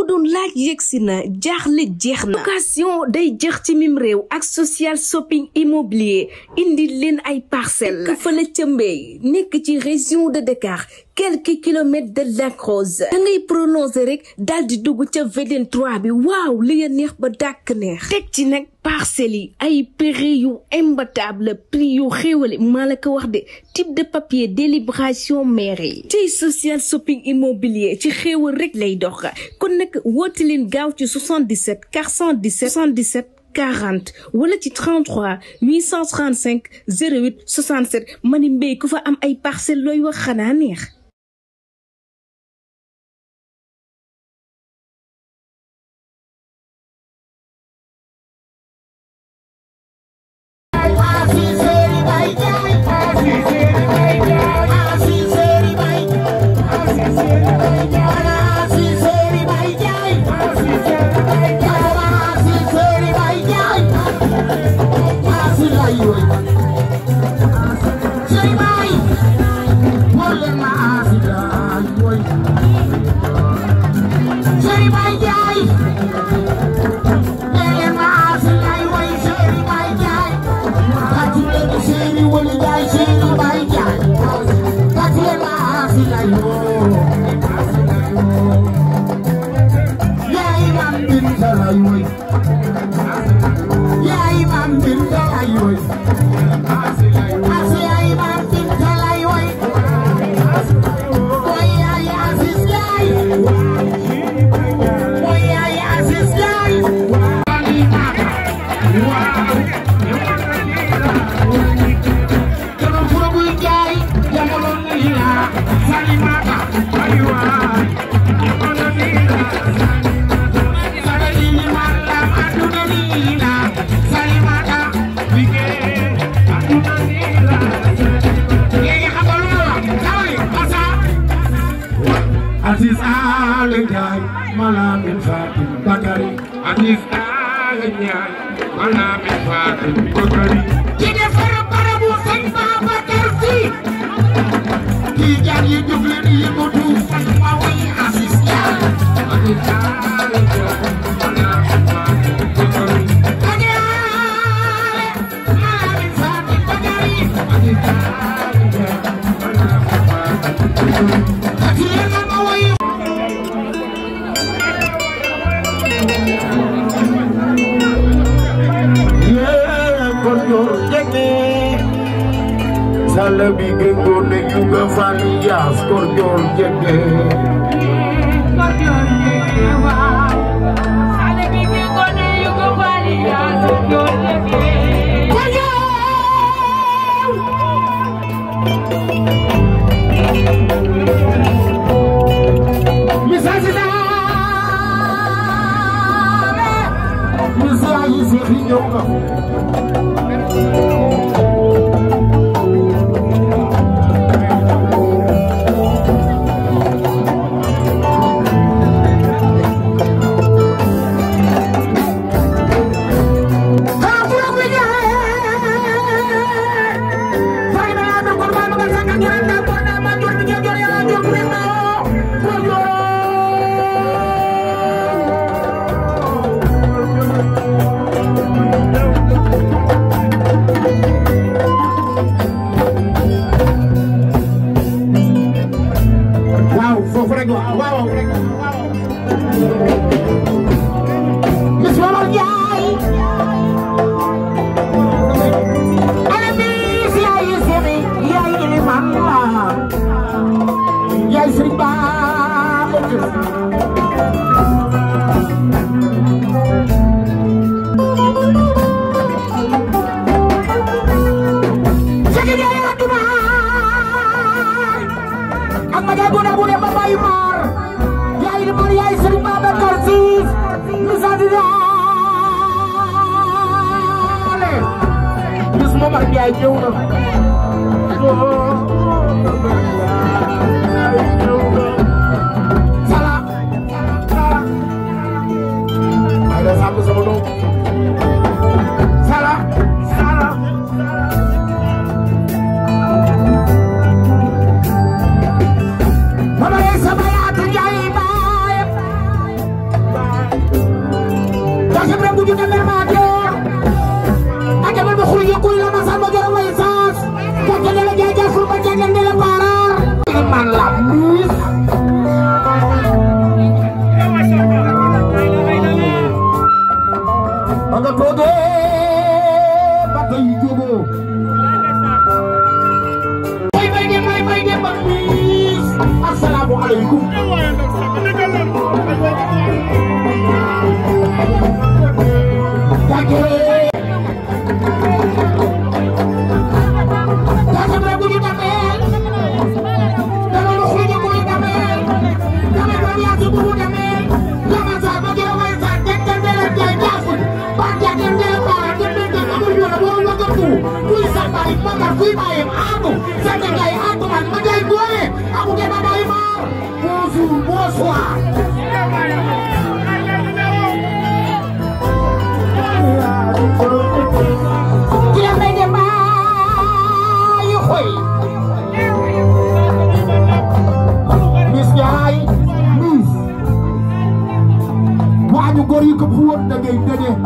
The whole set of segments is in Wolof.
ko doon laaj yëgsi na jaaxle jeex na location day jeex ci mim réew ak social shopping immobilier indi leen ay parcelles ka fa la cëmbee nekk ci région de Dakar quelques kilomètres de Lac Rose Quand ngay prononcer rek daal di dugg ca VDN 3 bi waaw li nga neex ba dak neex tek ci nak parcelle ay prix yu imbattable prix yu xéewale malaka wax de type de papier délibération mairie. ci social shopping immobilier ci xéewal rek lay dox kon nak woote leen gaaw ci 77 417 77 40 wala ci 33 835 08 67 mani mbéy ku fa am ay parcelle loy wax neex anis daal ñaar wala mi faatu mi ko bëri. di defar barabu sëñ Babacar Si. kii jaar yi jóg leen yëngatu. ma woy asis ñaar anis daal ale bi gën góor ne yu nga fàlli yaas kor joor jege Misa yi se yaay sëriñ Babacar Momar Ndiaye ñëw na fu woon da ngay tëddee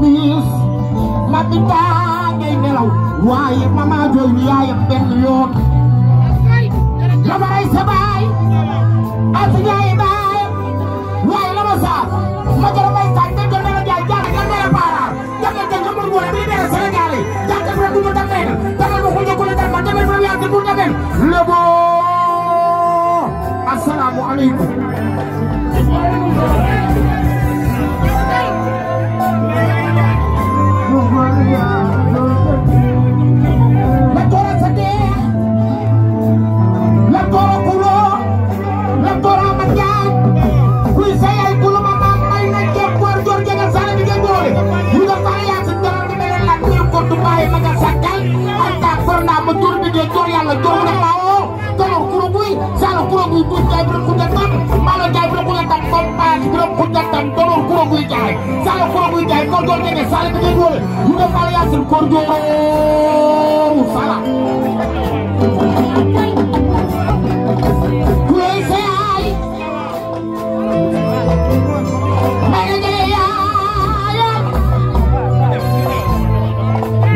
miis Mapinta ngay nelaw waaye mama jooy ni yaayam benn waaye la ma ma jël may saa korgol kene sale kete dole yuno fala yasir korgol sala kuy say ay mene ngele yaayam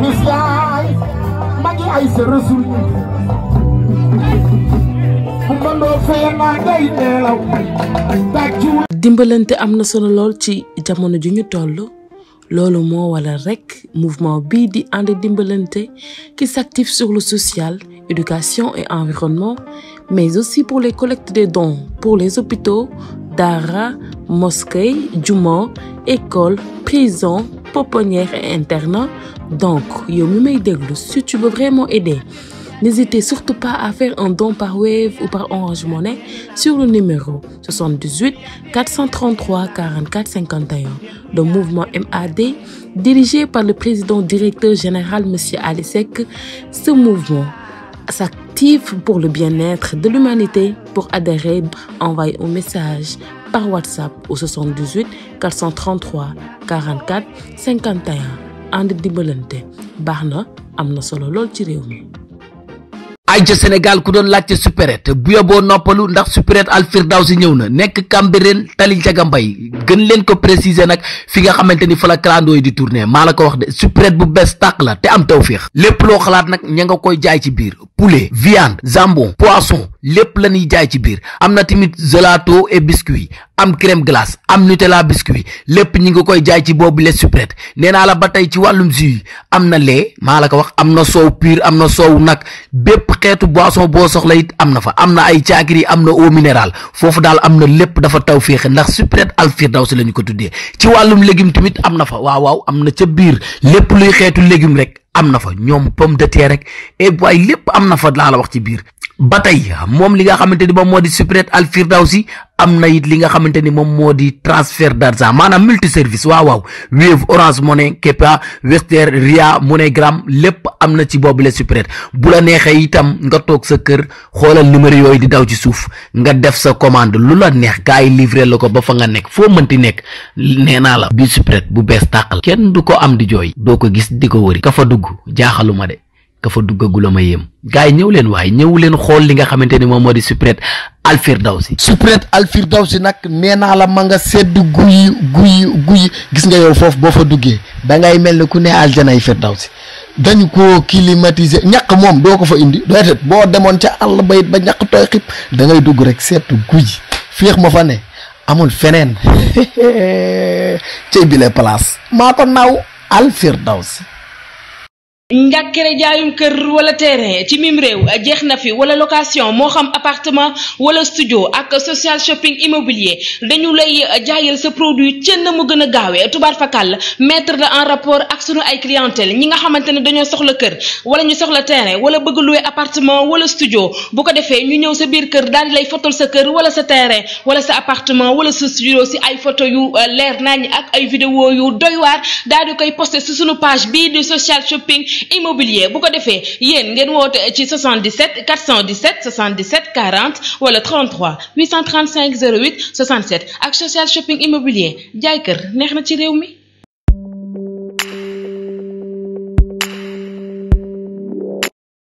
mis yaay magi ay se resul dimbalante am na solo lool ci jamono ju ñu toll loolu moo wala rek mouvement bii di qui s'active sur le social éducation et environnement mais aussi pour les collectes des dons pour les hôpitaux dara mosquées, jumeaux, écoles, prisons, poponnières et internats. donc yow mi may si tu veux vraiment aider N'hésitez surtout pas à faire un don par Wave ou par Orange monnaie sur le numéro 78 433 44 51 le mouvement MAD dirigé par le président directeur général M. Alisek. Ce mouvement s'active pour le bien-être de l'humanité. Pour adhérer, envoyez un message par WhatsApp au 78 433 44 51 And Dibolente, Barna Amna ay ca Sénégal ku doon laajte supérette bu yoboo noppalu ndax supérette si ñëw na nekk Cambérène tali Njaga Mbay gën leen ko préciser nag fi nga xamante ni fa la clando yi di tourner maa la ko wax de supérette bu bees tàq la te am tawféex lépp loo xalaat nag ñu nga koy jaay ci biir poulet viande jambon poisson lépp la ñuy jaay ci biir am na tamit gelato et biscuit am crème glace am nutella biscuit lépp ñu ngi koy jaay ci boobu les suprette nee naa la ba tey ci wàllum jus am na lait maa la ko wax am na soow pur am na soow nag bépp xeetu boisson boo soxla it am na fa am na ay caakiri am na eau minérale foofu daal am na lépp dafa taw féexe ndax suprette al firdawsi la ñu ko tuddee ci wàllum légume tamit am na fa waaw waaw am na ca biir lépp luy xeetu légume rek am na fa ñoom pomme de terre rek et lépp am na fa laa la wax ci biir batay mom li nga xamanteni mom modi moo di al firdausi Amna yit li nga xamanteni mom modi di transfert d'argent manam multi service waaw waaw Wave Orange Money Kepa Western Ria MoneyGram lepp Amna ci bobu le supret bu la nexe itam nga tok sa keur xolal numéro yoy di daw ci souf nga def sa commande lu la nex gars livrer lako ba fa nga nek fo meunti nek neena la bi supret bu bes takal kenn du ko am di joy doo ko gis di ko wëri ka fa dugg jaaxaluma de ka fa duggagul a ma yem gars yi ñëw leen waaye ñëw leen xool li nga xamante ni moom moo di alfir daw si supret alfir daw si nag nee naa la ma nga sedd guyi guyi gis nga yow foofu boo fa duggee da ngay mel ni ku ne aljanay si dañu ko climatiser ñaq moom doo ko fa indi doetet boo demoon ca àll bayit ba ñaq tooy xib da ngay dugg rek sedd guyi féex ma fa ne amul feneen cey bile place maa ko naaw alfirdawsi njàkkere jaayum kër wala terrain ci mim réew jeex na fi wala location moo xam appartement wala studio ak social shopping immobilier dañu lay jaayal sa produit cën na mu gën a gaawee tubaar la mettre la en rapport ak sunu ay clientèle ñi nga xamante ne dañoo soxla kër wala ñu soxla terrain wala bëgg louer appartement wala studio bu ko defee ñu ñëw sa biir kër daal lay fotol sa kër wala sa terrain wala sa appartement wala sa studio si ay photo yu euh, leer nañ ak ay vidéo yu doy daal di koy posté si sunu page bii di social shopping immobilier beaucoup de faits, Yen, ngeen 77 417 77 40 wala 33 835 08 67 ak social shopping immobilier jaay kër ci